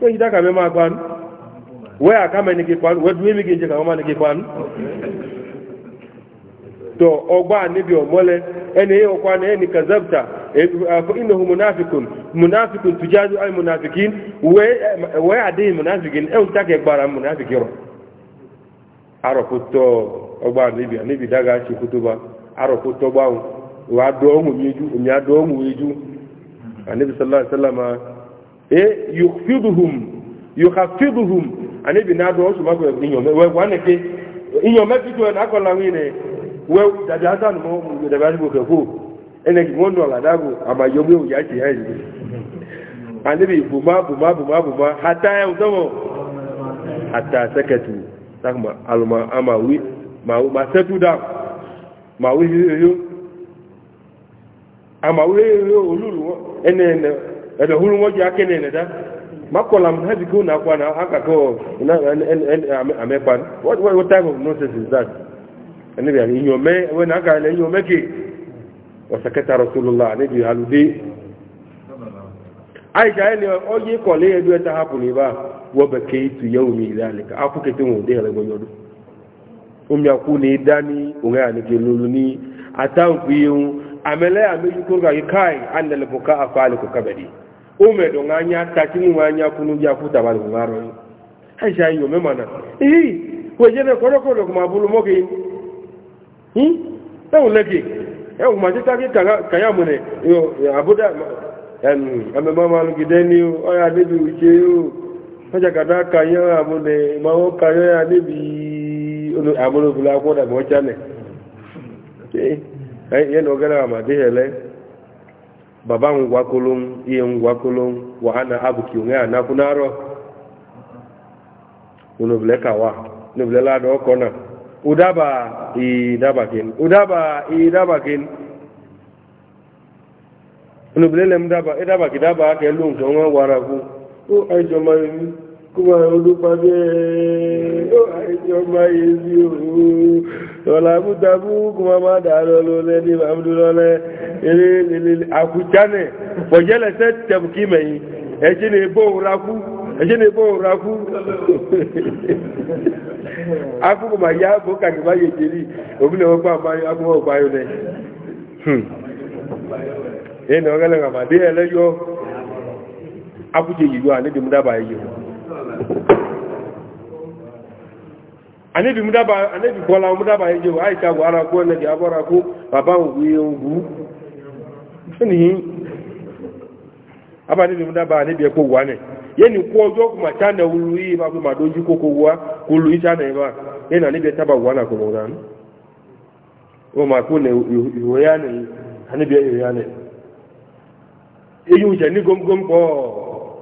wee jide aka mema akwanụ wee aka meni gị kwanụ wee duwe mi gị nje ka ọma gị kwanụ to ọgba n'ibia ọmọle ene ihe ọkwa na eni kazabta e, innahu munafikun munafikun tujaju ay munafikin e, wee adịghị munafikin ewu ta ka gbara munafikiro arọpụtọ ọgba anibi anibi daga achịkwutoba arọpụtọ gbanwụ wee adụọ ọnwụ eju onye adụọ ọnwụ eju anibi sallallahu e yukhfiduhum yukhaffiduhum anibi na adụọ ọsụ mabụ inyome wee inyome na akọla nwine wee dabi na mụ dabi adịgbo kekwu enegi mụ nọ ladago ama yomwe ụya chi ha ezigbo anibi bụma bụma bụma bụma hata ya hata takuma aluma ama wi ma ma settle down ma wi yo ama wi yo olulu wo ene ene ene hulu wo ja kene da ma hadi ko na kwa na aka ko na en ame pan what what what type of nonsense is that ene bi ani yo me we na ka le yo ki wa rasulullah ne bi haludi aisha ene oje kole edu eta hapu ba وبكيت يومي ذلك أكو كتمو دي غلبو يدو أم يكون داني وغانا كيلولوني أتاو فيو أملا أمي كورغا يكاي أن البكاء فالك كبدي أم دونغانيا تاكيمو مانيا كونو جافو تبالك غارو هاي يومي مانا إيه وجينا كورو كورو كما بولو موكي هم أو لكي أو ما تتاكي كيامونه يو أبودا أمي ماما لكي داني أو يا نبي وشيو mẹ́jàkàdá kayọ́ àmúlẹ̀ ìmọ̀wọ́ kayọ́ yà níbi àmúlòbìlà akọ́dà mọ́ jánẹ̀ yẹn ọgẹ́rẹ́ àmàdé ẹ̀lẹ́ bàbá ń wá kólóhùn iye ń wá kólóhùn wàhánà abùkì òun ẹ̀ ànákúnárọ̀ ònòbìlẹ̀ kàwà ònòbìlẹ̀ ládọ̀ ọkọ̀ tó wọ́n wára fún ó ẹjọba ẹni kó máa olúpa bí ó ẹjọba ẹni òun ọ̀là mútabú kó máa má dà lọ lọ lẹ́ni àmúdúrọ́lẹ́ eré àkújánẹ̀ pọ̀jẹ́lẹ̀sẹ̀ tẹ̀bùkí mẹ́yìn ẹ̀ṣẹ́ ni ha òun akúkò máa yá bó kàkì wọn ẹlẹ́yọ́ akújẹ yìí anẹ́bì múdába yìí hù a múdába anẹ́bì kọ́lá múdába yìí hù àìṣà wà ara kú ẹnẹ́bì abọ́ra kú bàbá òwú ewu fúnìyí abá anẹ́bì múdába anẹ́bì ẹkọ wà nẹ̀ yẹ́nì kú ọjọ́ kùmà ma wúlú yìí máa fi màdójú kókó wá kó lu a bá yẹ́nì anẹ́bì ẹtábà wà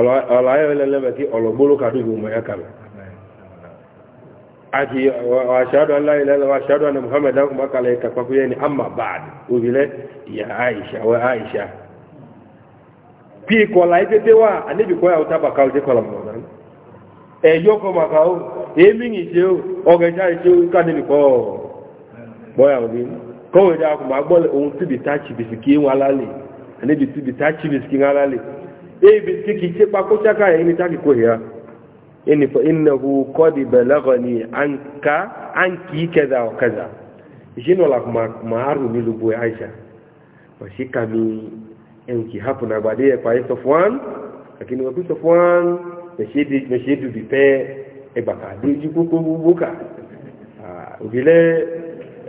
ọ̀la ayọ̀ lẹ́lẹ́bẹ̀ kí ọ̀lọ̀gbóló kàdú ìgbìmọ̀ ya kàmẹ̀ àti aṣáàdù aláìlẹ́lẹ́wà aṣáàdù àni muhammad dákùnmá kalẹ̀ kàpàkúyẹ́ ni amma aisha wẹ́ aisha bí ìkọ̀lá ìpépé wà àníbìkọ́ ya ọ̀tá bàkà òjẹ́ kọ̀lọ̀ mọ̀ náà ẹ̀yọ́ kọ màkà ó èémí ní ṣe ó ọgẹ̀já ìṣe ó kánìbìkọ́ bọ́yà òbí kọ́wé dákùnmá gbọ́lẹ̀ ohun tíbi táàchì bìsìkì ń wá lálẹ́ àníbi tíbi táàchì david kiki ce ba ko shaka ya ini taki ko ya ini fa innahu qad balaghani anka anki kaza wa kaza jino la ma maru ni lubu aisha wa shika mi enki hapo na baadaye kwa sofwan lakini kwa sofwan meshidi meshidu vipe ebaka deji koko bubuka ah ugile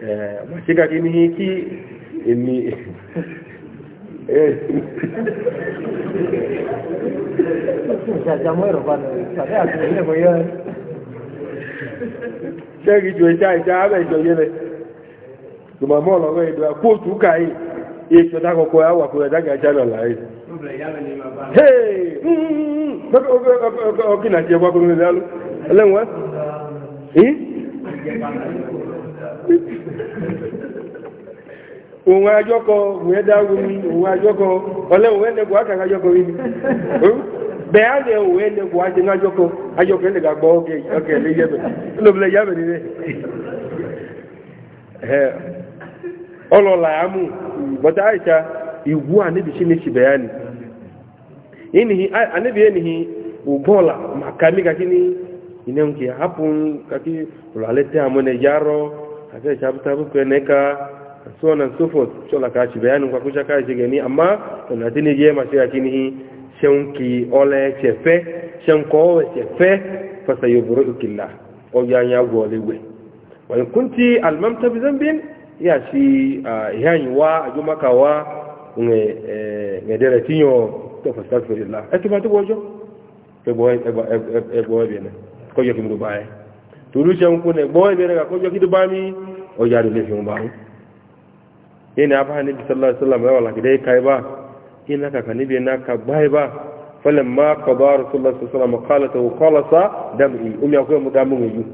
eh mashika kini ni Ya, ya muero cuando chateas, me viene muy bien. Ṣẹ́gi jù ìṣá ìṣá ààbẹ̀ ìjọ yẹ́lẹ̀. Tùmọ̀mọ́ ọ̀lọ́gbọ́ ìdúrà kóòtù rẹ̀ dákẹ̀ ajá lọ́la rẹ̀ òun ajọ́kọ òun ẹ̀dá wumi òun ajọ́kọ ọlẹ́wọ̀n ẹ̀lẹ́gbọ̀ ákàrà ajọ́kọ rí ni bẹ̀ẹ́ á lẹ òun ẹ̀lẹ́gbọ̀ á ti ní ajọ́kọ ajọ́kọ ẹ̀lẹ́gbà gbọ́ ọkẹ̀ ọkẹ̀ ẹ̀lẹ́ yẹ́bẹ̀ lóbìlẹ̀ yẹ́bẹ̀ nílẹ̀ ọlọ́lá àmú bọ́tá àìsà ìwú àníbi sí ní ṣìbẹ̀yà ni àníbi ẹnìhì ògbọ́ọ̀là màkàmí kàkí ní ìnẹ́hùn kì so on and so forth chola ka ci bayanin kwa kucha kai gani amma na tini je ma sai kini hi shanki ole chefe shanko chefe fa sayubru'uka Allah o ya ya gole we wa in kunti almamta bi dhanbin ya shi yani wa ajuma ka wa nge e, nge dere tinyo to fa astaghfirullah e to ba to gojo e boy e, e, e boy bi ne ko yo ki mu dubai to lu ne boy bi ne ko yo ki dubai mi o ya do le fi mu ba yene abaha nabi sallallahu alaihi wasallam wala gidai kai ba ina ka kanibi na ka bai ba falamma qada rasulullah sallallahu alaihi wasallam qala sa dami umi akoy mu damu ngi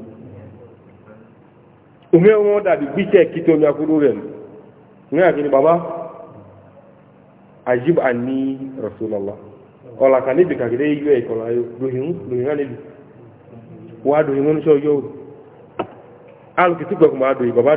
umi o da bi biche kito mi akuru ren ngai akini baba ajib anni rasulullah ola kanibi ka gidai yo e kola ani wa so yo ko ma baba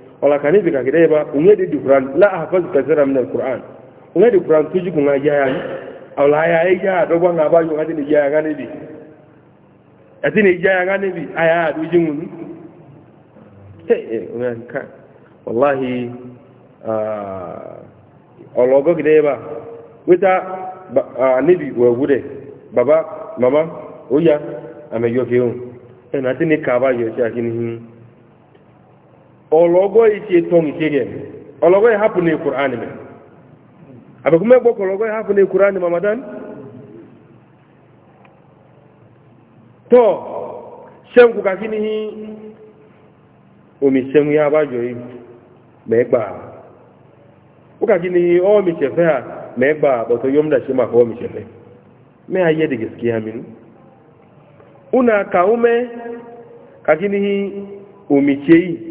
wala kani bi ka gida ba unye di qur'an la ahfaz kathira min alquran unye di qur'an tuji kun aja ya awla ya ya do gwa ngaba yo ngati ni ya ngani bi ati ni ya ngani bi aya do jingun te e unye ka wallahi ah ologo gida ba wita anibi wa gude baba mama oya ame yo fiun en ati ni ka ba yo ti akini hin ologo ite tong hige ologo e hapu ne qur'ani me abe kuma gbo ologo e hapu ne qur'ani mamadan to shem ku ka kini hi omi shem ya ba jo yi me gba o ka kini o mi se fe me gba bo to yom da se ma ko mi se fe me aye de gaskiya min una ka ume ka kini hi omi chei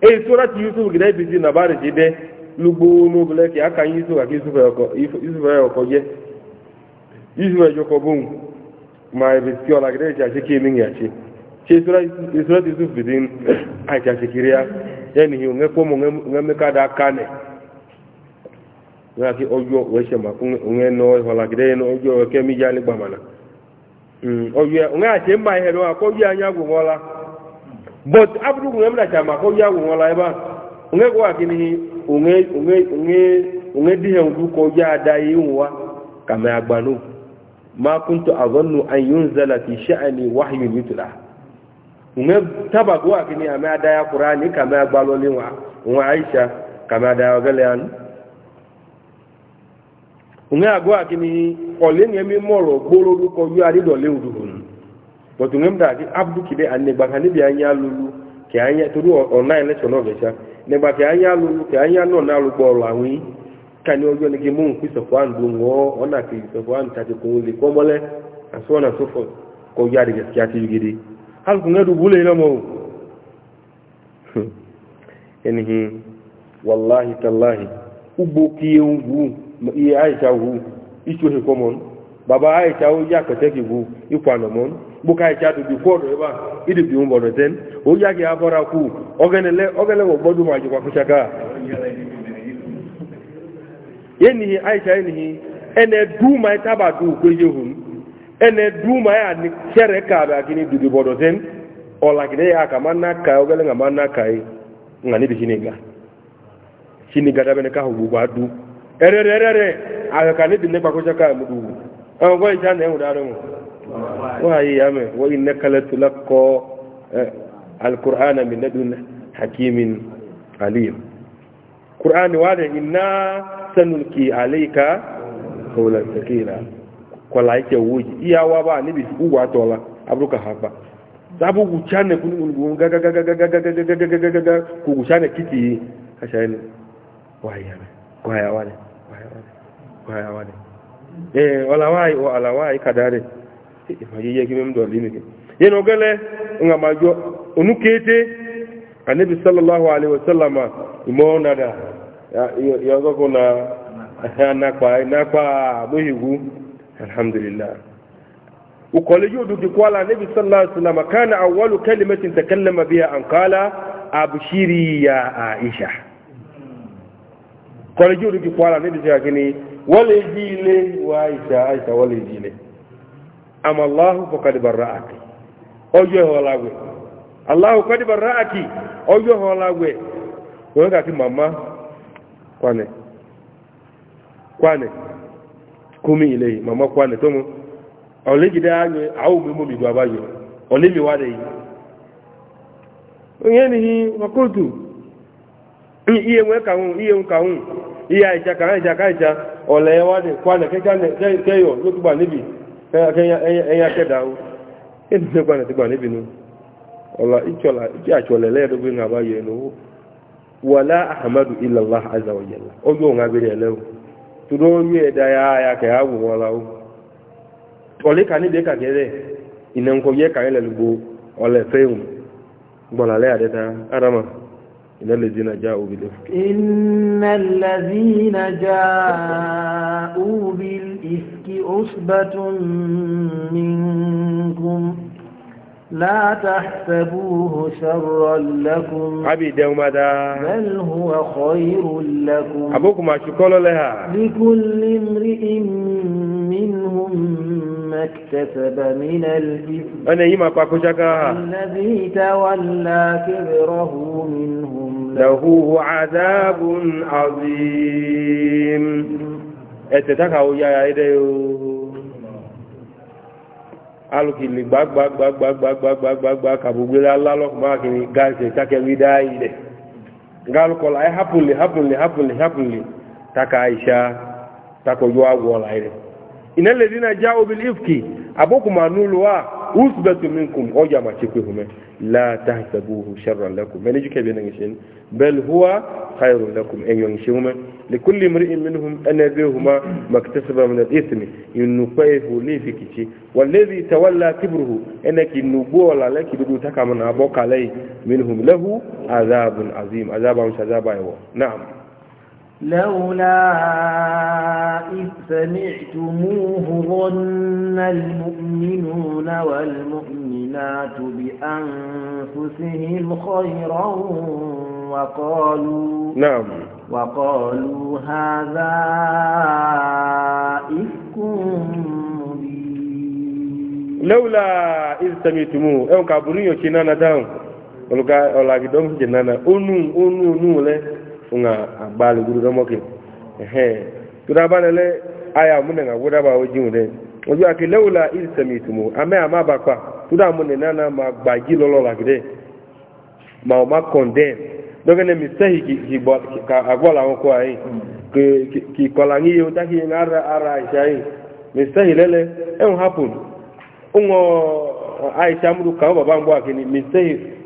eyi surati yusuf gida ibisi na bari jide lugbo n'obule ki aka yusuf aka yusuf ya ọkọ jẹ yusuf ya jọkọ bun ma ibisi ọla gida ichi ase kemi ngi ase ṣe surati yusuf bidi achi ase kiri ya aka gida yẹn ọjọ ẹkẹ mi jali gbamana ọjọ onge ase mma ihe do akọ ọjọ anya gwọ ọla. but abudu ŋun ɛmɛ n'atsama k'o ya ŋun ɔla yɛ ba onye ɛkò wa kini ŋun ŋun ŋun dihɛ ŋdu kɔ ya da yi ŋun ma kuntu azɔnu anyun zala taba k'o wa kini ada ya kura ni kàmɛ agbalụ ni nwa aisha ka ada ya gɛlɛ ya ŋun ɛkò wa kini kɔlé ŋun ɛmi mɔlɔ gbolo kɔ yɔ adi bọ̀tù ŋem dàdí abdu kìdé ànẹ́gbàkà níbi anya lulu kì anya torí ọ̀nà ẹlẹ́sọ̀ náà gẹ̀ẹ́sà nígbà kì anya lulu kì anya náà náà lu i àwìn kàní ọjọ́ ni kì mú nkú sọ̀fọ́n dùn wọ́ ọ̀nà kì sọ̀fọ́n tàbí kò lè kọ́ mọ́lẹ́ àti ọ̀nà kọ́ yá gidi alùpùpù dùbú lọ́mọ o wàláhi tàláhi ugbó wù iye àyíṣà wù kọ́ gboka icha dubi fọdụ ebe a idubi mbọdụ ten o ya gị abọra kwu ogenele ọgbọdụ ma jikwa kụchaka yenihi aicha yenihi ene du ma e taba du kwe yehun ene du ma ya e ni chere ka ba gini dubi bodo ten ola gine ya ka manna ka ogele nga manna ka yi e, nga ni bishiniga shiniga dabe ne ka hubu ba du erere erere aga ka ni bi ne kwa kụchaka mu du ọgbọ icha na enwudara mu waye ya mai wa inna kala tulakko alkur'ana min ladun hakimin alim qur'ani wa da inna sanulki alayka qawlan thaqila kwala yake wuji iyawa ba ni abruka haba sabu guchane kunu gun ga ìfàyẹyẹ kí mẹ́mú dọ̀rí nìkan yẹn ní ọgẹ́lẹ́ ń àmà jọ onú kété anabi sallallahu alayhi wa sallama ìmọ̀ nàdà yọgọ́kọ́ na anakpa anakpa bóyìnbó alhamdulillah ukọ̀lẹ́ yóò dùn kíkọ́ la anabi sallallahu alayhi wa sallama kánà awọ́lu kẹ́lẹ́mẹ́tì tẹ̀kẹ́lẹ́mẹ́ bíi ànkálá àbùsírì ya àìṣà kọ̀lẹ́ yóò dùn kíkọ́ la anabi sallallahu alayhi wa sallama wọ́lẹ̀ jí ilé wa àìṣà àìṣà wọ́lẹ̀ jí ilé. ama allahu faqad barra'ak ojo holagwe allahu qad barra'aki ojo holagwe won ka ki mama kwane kwane kumi ile mama kwane tomo olejide ayo awu mi mumi do abayo olemi wade yi onyeni hi wakutu iye nwe ka hun iye ka hun iye aisha ka aisha ka aisha ole wade kwane ke keyo ke nibi ẹ̀yà kẹ́dà ó ẹni nípa ní ti gbà níbi nu ọ̀la ìkí àtsọ̀lẹ̀ lẹ́ẹ̀dọ́gbé ní àbá yẹn lówó wàlá ahamadu ilàlá azawajala ọjọ́ òun abẹ́rẹ́ ẹlẹ́wò tó dọ́ yú ẹ̀dá ya ya kẹ́ àwò wọn la ó ka ní dẹ́ka kẹ́rẹ́ ìnẹ̀nkọ́ yẹ kàyẹ́lẹ̀ lùgbò إن الذين جاءوا بالإفك إن الذين جاءوا بالإفك عصبة منكم لا تحسبوه شرا لكم عبيد ماذا بل هو خير لكم أبوكم شكرا لها لكل امرئ منهم ما اكتسب من الإثم أنا يما الذي تولى كبره منهم له عذاب عظيم ẹ̀tẹ̀tàkà ó yára ide ooo alùkìlì gbagbagbagbagbagbagbagba taka ifki usbatu minkum o jama ce ku hume la tahsabuhu sharran lakum mene jike be nan shin bal huwa khairun lakum en yon shume li kulli imri'in minhum anabihuma maktasaba min al-ithmi yunqayhu li fikici wallazi tawalla kibruhu enaki nubola laki dudu takamana bokalai minhum lahu azabun azim azaban shazaba yawa na'am لولا إذ سمعتموه ظن المؤمنون والمؤمنات بأنفسهم خيرا وقالوا نعم وقالوا هذا إفك مبين لولا إذ سمعتموه أو إيه، كابونيو كنانا داون ولكن أولاك دون جنانا أونو أونو أونو nga agbali guru ga moke ehe tuda bana le aya mun nga goda ba oji mu de oju ake laula iz samitumu ame ama ba kwa tuda mun na na ma gbaji lolo la gide ma o ma condemn doge ne mistake ki ki bo ka agbola won ko ayin ki ki kola ni yo ta ki ngara ara isai mistake lele e happen ungo aisha mdu ka baba mbo akini mistake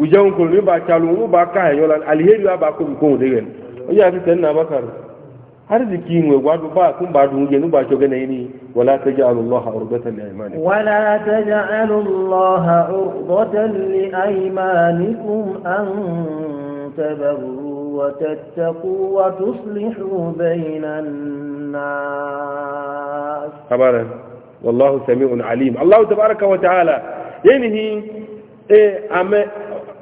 ujan ko ni ba chalu mu ba ka yo lan alheri ba ko ko de gen o ya ti tanna bakar har ziki mu gwadu ba kun ba dun genu ba shoge ne ni wala taj'alu Allah urbatan li aymanikum wala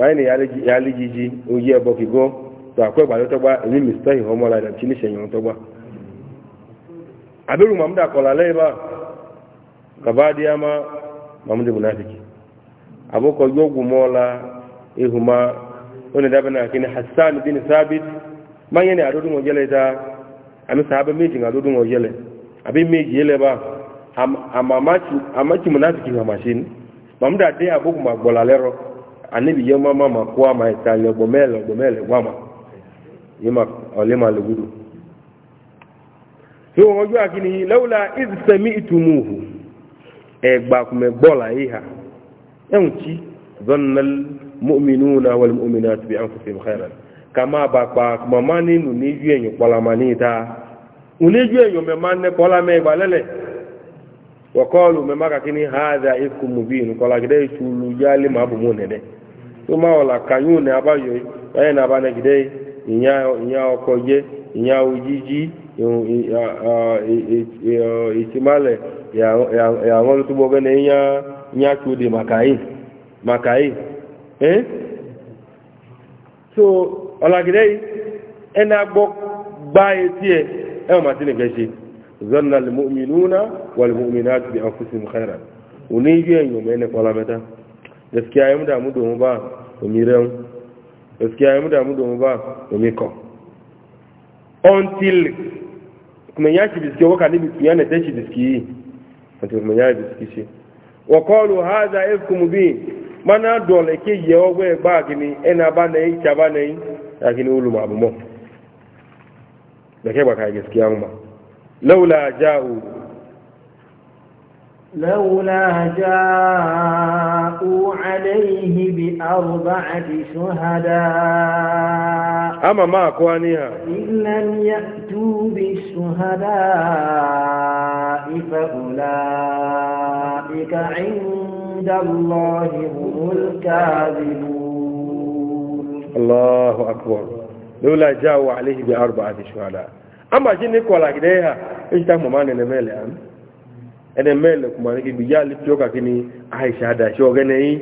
báyìí ni yàrá jíjí oyé ẹbọ kíkọ tó àkọ ìgbà lọtọgba èmi mr ihọmọ la dàbí kíní sẹyìn ọtọgba abiru mamuda kọla lẹyìn bá kaba mamuda munafiki abokọ yọgùn mọla ehuma wọn dàbẹ náà kíní bin sabit máa yẹn ni àdódún wọn jẹlẹ ta àmì sàábẹ méjì ní wọn àbí méjì bá àmàmàtì mamuda anabi yẹ mama ma kó ama ìta lẹ gbọmẹlẹ gbọmẹlẹ gbọmà yìí ma ọlẹ ma lè gudu tí wọn jọ àkínní yìí lẹwùlà ìsẹmí ìtumùhù ẹgbà kùmẹ gbọlà yìí ha ẹhùn tí zọnnal mọmìnú na wàlú mọmìnú àti bí ànfọsẹ bìkẹrẹ kàmá bàkpà màmá nínú níjú ẹyìn kpọlámà ní ìta oníjú ẹyìn mẹmá nẹ kpọlámẹ ìgbàlẹlẹ wọkọọlù mẹmá kàkínní hàdà ìkùmù bíi nìkọlá kìdá ìtúlù yálé màbùmù nìdẹ tó máa ọ̀là na ní abáyọ̀ báyẹ̀ ní abánagidẹ́ ìyá ọkọ̀ jẹ́ ìyá ojíjí ìtìmálẹ̀ àwọn olùtúbọ̀ gẹ́nẹ̀ ìyá tí makai, makai, eh? so ọ̀làgidẹ́ ẹni agbọ́ gbá etí ẹ ẹwọ̀n màtí nìkẹ́ ṣe zọ́nà lè mọ́mìnúnà wà lè mọ́mìnà àti àwọn fúsìn mọ́kànlá òní yóò ẹ̀yàn mẹ́ni pọ́lámẹ́ta gaskiya ya mu damu domin ba domin ran gaskiya ya mu damu domin ba domin kan until kuma ya ci biski waka ne biski yana ta ci biski wato kuma ya biski ce wa qalu hadha ifkum bi mana dole ke ye ogwe gba gini ena ba na yi ta ba na yi lakini ulu ma abumo da ke ba ka gaskiya mu ma laula ja'u لولا جاءوا عليه بأربعة شهداء أما ما أقوانها إن لم يأتوا بالشهداء فأولئك عند الله هم الكاذبون الله أكبر لولا جاءوا عليه بأربعة شهداء أما جنك ولا كديها إيش تهم ما نميل يعني ene mele kuma ne bi yali toka kini aisha da shi ogene yi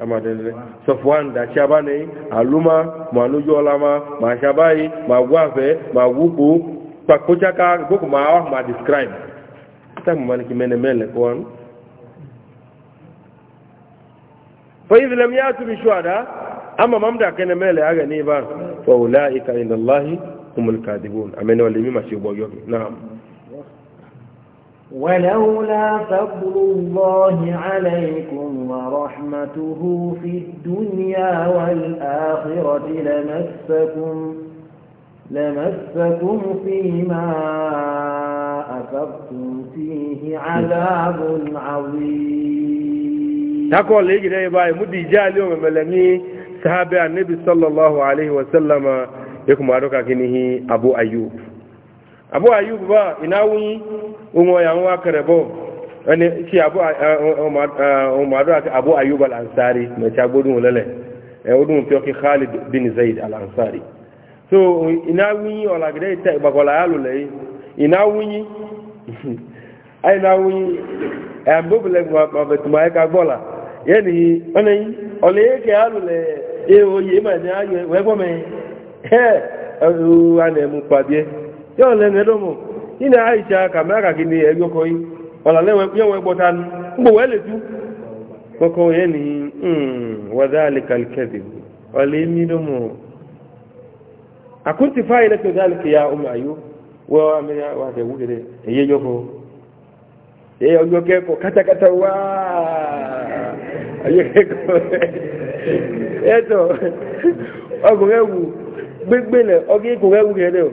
ama de sofwan da chaba ne aluma ma lojo olama ma shabai ma gwafe ma wuku pa kuchaka goku ma wa ma describe tam man ki mene mele ko an fa idh lam yatu bi shuhada amma mamda kana mele aga ne ba fa ulaika inda humul kadibun amene walimi ma shi boyo na'am ولولا فضل الله عليكم ورحمته في الدنيا والآخرة لمسكم لمسكم فيما أفضتم فيه عذاب عظيم تقول لي جري باي مدي جالي وملمي صحابة النبي صلى الله عليه وسلم يكم أروكا كنه أبو أيوب abu ayub ba ina wun unwa ya nwa karebo wani shi abu umaru abu ayub al-ansari mai ta gudun wulale ya gudun fiyoki khalid bin zaid al-ansari so ina wunyi wala gida ita bakwala ya lulaye ina wunyi ai na wunyi ya mbobule mabetuma eh, ya kagbola yẹni ọ̀nà ọ̀lẹ́yẹkẹ alùlẹ̀ eoye ma ni ayọ̀ ẹgbọ́mẹ́ ẹ̀ ọ̀rọ̀ anẹ̀mú pàdé yóò lẹ́nu ẹ̀dọ́mọ̀ nínú àìṣà kàmẹ́rà kí ni ẹgbẹ́kọ́ yìí ọ̀là lẹ́wọ̀n ẹgbọ́ta ní gbogbo ẹ̀ lè tú kọ́kọ́ yẹ́ ni hmm, wọ́dá alìkàlìkẹ́dì ọ̀lẹ́ mi lọ́mọ̀ àkúntì fáyé lẹ́tọ̀ dáàlìkì ya ọmọ àyó wọ́n amẹ́rẹ́ wà tẹ̀wú kẹ́dẹ̀ èyí ẹjọ́kọ́ èyí ọjọ́ kẹ́kọ̀ọ́ kátakátá wá ayé kẹ́kọ̀ọ́ ẹ̀tọ́ ọkùnrin ẹ̀wù gbégbélẹ̀ ọgẹ́ ìkùnrin ẹ̀wù kẹ́dẹ̀ ọ̀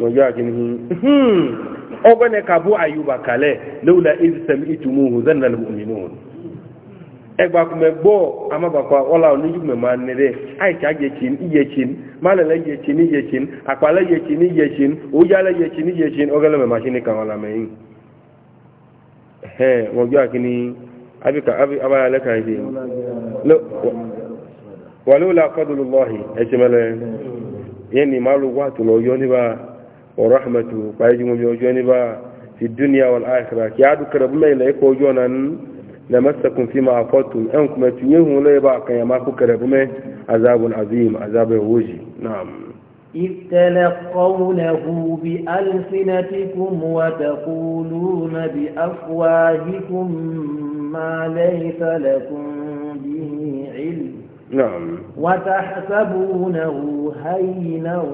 wọ́jọ́ àjínihì hmm. ọgbẹ́ni kàbú àyùbà kalẹ̀ lóòlà ìsẹ̀mí ìtùmùhù zẹ́nàlù òmìnirun ẹgbàkùnmẹ̀ gbọ́ amábàkọ́ ọlá oníjùmẹ̀ àìkà yẹ̀kín iyẹ̀kín málẹ̀lẹ̀ yẹ̀kín iyẹ̀kín àpàlẹ̀ yẹ̀kín iyẹ̀kín òyàlẹ̀ yẹ̀kín iyẹ̀kín ọgẹ́lẹ̀mẹ̀ a ورحمته فايجم بوجوني با في الدنيا والآخرة كيادو كربما إليك وجونا لمسكم فيما أفضتم أنكم تنيهم لا يبقى كيما كربما عذاب عظيم عذاب وجي نعم إذ تلقونه بألسنتكم وتقولون بأفواهكم ما ليس لكم به علم نعم وتحسبونه هينا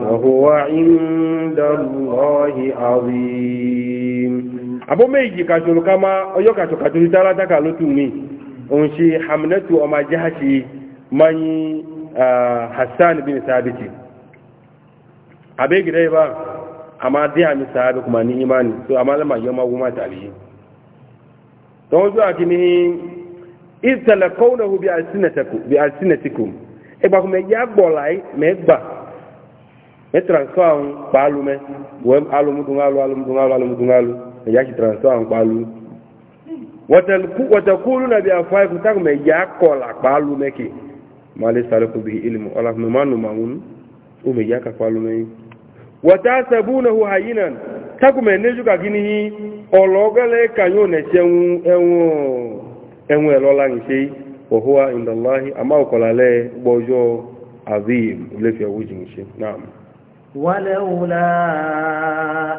وهو عند الله عظيم abo meji kajulu kama oyo kajo kajulu tara taka lotu ni on shi hamnatu o majahashi mani hassan bin sabiti abe gidai ba amma dai ami sahabi kuma ni imani so amma lama yoma goma tarihi don zuwa kini iztalakawnahu bi alsinatikum bi alsinatikum e ba kuma ya gbolai me gba e transfer ahụ kpaalụ me wee alụmdụnalụ alụmdụnalụ alụmdụnalụ eyachi transfer ahụ kpaalụ watakulu na bia fa ku tak me ya kola me ke mali salaku bi ilmu ala manu mangun me ya hayinan taku me ka gini hi ologale kanyo ne enwo enwo elola nse wa huwa indallahi bojo azim naam ولولا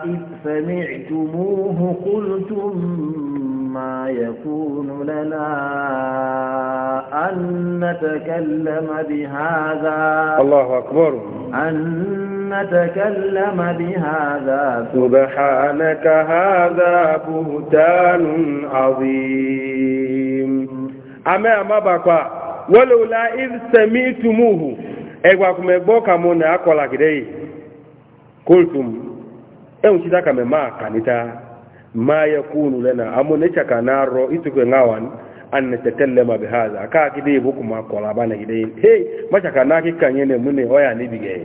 إذ سمعتموه قلتم ما يكون لنا أن نتكلم بهذا الله أكبر أن نتكلم بهذا سبحانك هذا بهتان عظيم أما ما بقى ولولا إذ سمعتموه أقوى كما يبقى من أقول لك kultum en kita kame ma kanita ma yakunu lana amune chaka naro itukwe ngawan an natakallama bi hadha ka kide bukuma kola bana kide hey macha kana ki kanyene mune oya nibi ge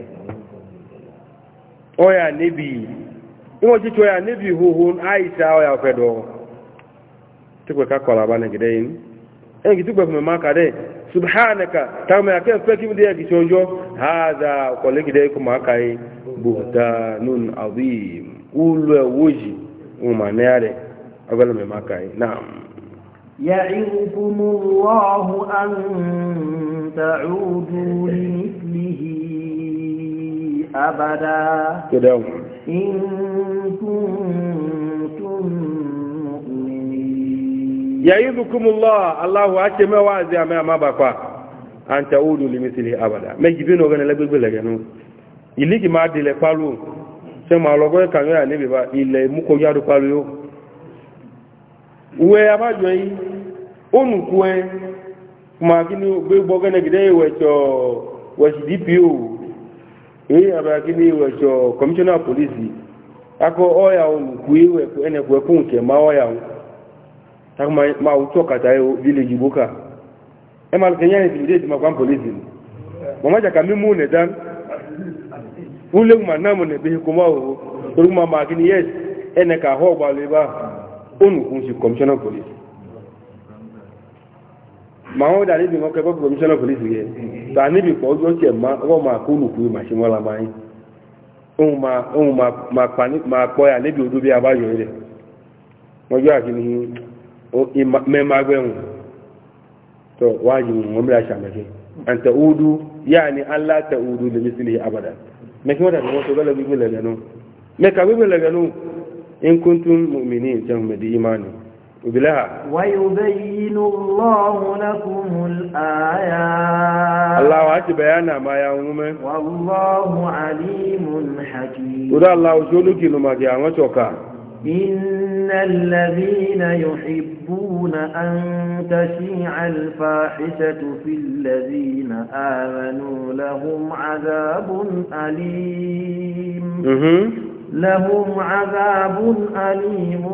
oya nibi ingo chicho ya nibi huhun aisha oya fedo tukwe ka kola bana kide en kitukwe kumemaka de subhanaka tama yake feki mdia kichonjo hadha kwa lekide kuma kai buhtanun azim ulwe wuji umanere agala me makai naam يعظكم الله أن تعودوا yaidhukumullah allahu ache me wazi ame amaba an anta udu abada me jibino gane legbegbe legenu iliki ma dile ma logo e kan ya n'ebe ile mu ko yadu yo uwe abajo yi onu kuwe ma gini gbe gane gide dpo police ako oya onu ma oya tak ma ma ucho kata yo village boka e mal kenya ni village ma kwa police mama mo ma jaka mimu ne dan ule ma na mo ne be ko ma o toru ma ma kini yes ene ka ho ba le ba onu kun si commissioner police ma o da le bi mo ke ko police ye ta ni bi ko jo che ma o ma ko lu ku ma se mo la ma yin ohun ma ohun ma ma pa ni ma po ya le bi odo bi abayo ile mo jo akini mẹ́màgbẹ̀hùn tó wáyé wọn bí a ṣàmẹ́kẹ́ an ta'udu yáà ni an la ta'udu lè mísìlì abada mẹ́kí wọ́n dàbí wọ́n tó gọ́lọ́ gbígbé lẹ́gẹ̀nú mẹ́ka gbígbé lẹ́gẹ̀nú in kuntum mu'mini jẹun mẹ́dí imani وبلها ويبين الله لكم الآيات الله عز بيانا ما يوم والله عليم حكيم وده الله شو لكي نما جاء وشوكا إن الذين يحبون أن تشيع الفاحشة في الذين آمنوا لهم عذاب أليم لهم عذاب أليم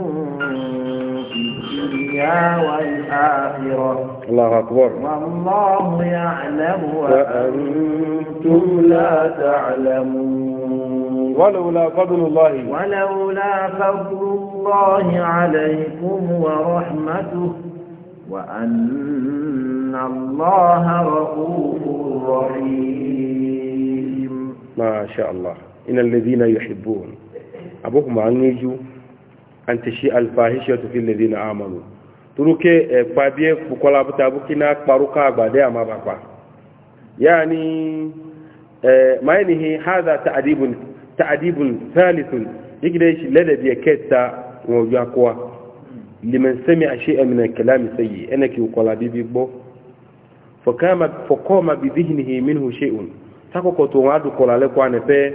في الدنيا والآخرة الله أكبر والله يعلم وأنتم لا تعلمون ولولا فضل الله ولولا فضل الله عليكم ورحمته وأن الله رؤوف رحيم ما شاء الله إن الذين يحبون abokuma an nuju an tashi alfahishatu fil ladina amanu turuke eh, pabiye bukola buta bukina kparuka agbade ama bapa yani eh, ma yanihi hadha ta'dibun ta'dibun thalithun yigide shi ladabi ya ketta wa yakuwa liman sami'a shay'an min al-kalam sayyi anaki bukola bibi bo fakama fakoma bi dhihnihi minhu shay'un takoko to wadu kola le kwa ne pe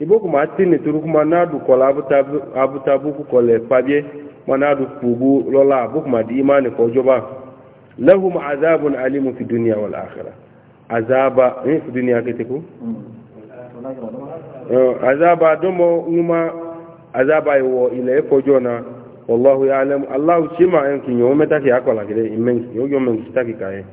ibo kuma atini turu kuma nadu kola abutabu abutabu kukole fabie ma nadu kubu lola abu kuma di imani ko joba lahum azabun alimu fi dunya wal akhirah azaba ni eh, fi dunya kitiku hmm. eh, azaba domo nguma azaba iwo ile fojona wallahu ya'lam allah shima en kin yo meta ki akola gire imen yo yo men kitaki kai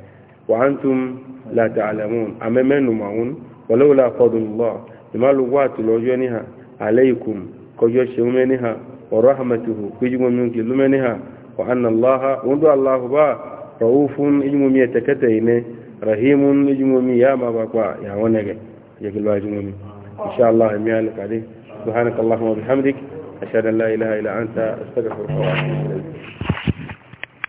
wa antum la ta'lamun amemenu maun walaula fadlullah ìmáàlú wà tó lọ́jọ́ níhà aleikum kọjọ́ ṣe mẹ́ níhà ọ̀rọ̀ àmàtìhù péjúmọ́ mi ń kì lúmẹ́ níhà wà á nàláha wọ́n dọ́ aláhù bá rọ̀wú fún ìjúmọ́ mi ẹ̀tẹ̀kẹ́tẹ̀ iné rahimu ìjúmọ́ mi yá máa bá pa ìyàwó nẹ̀gẹ̀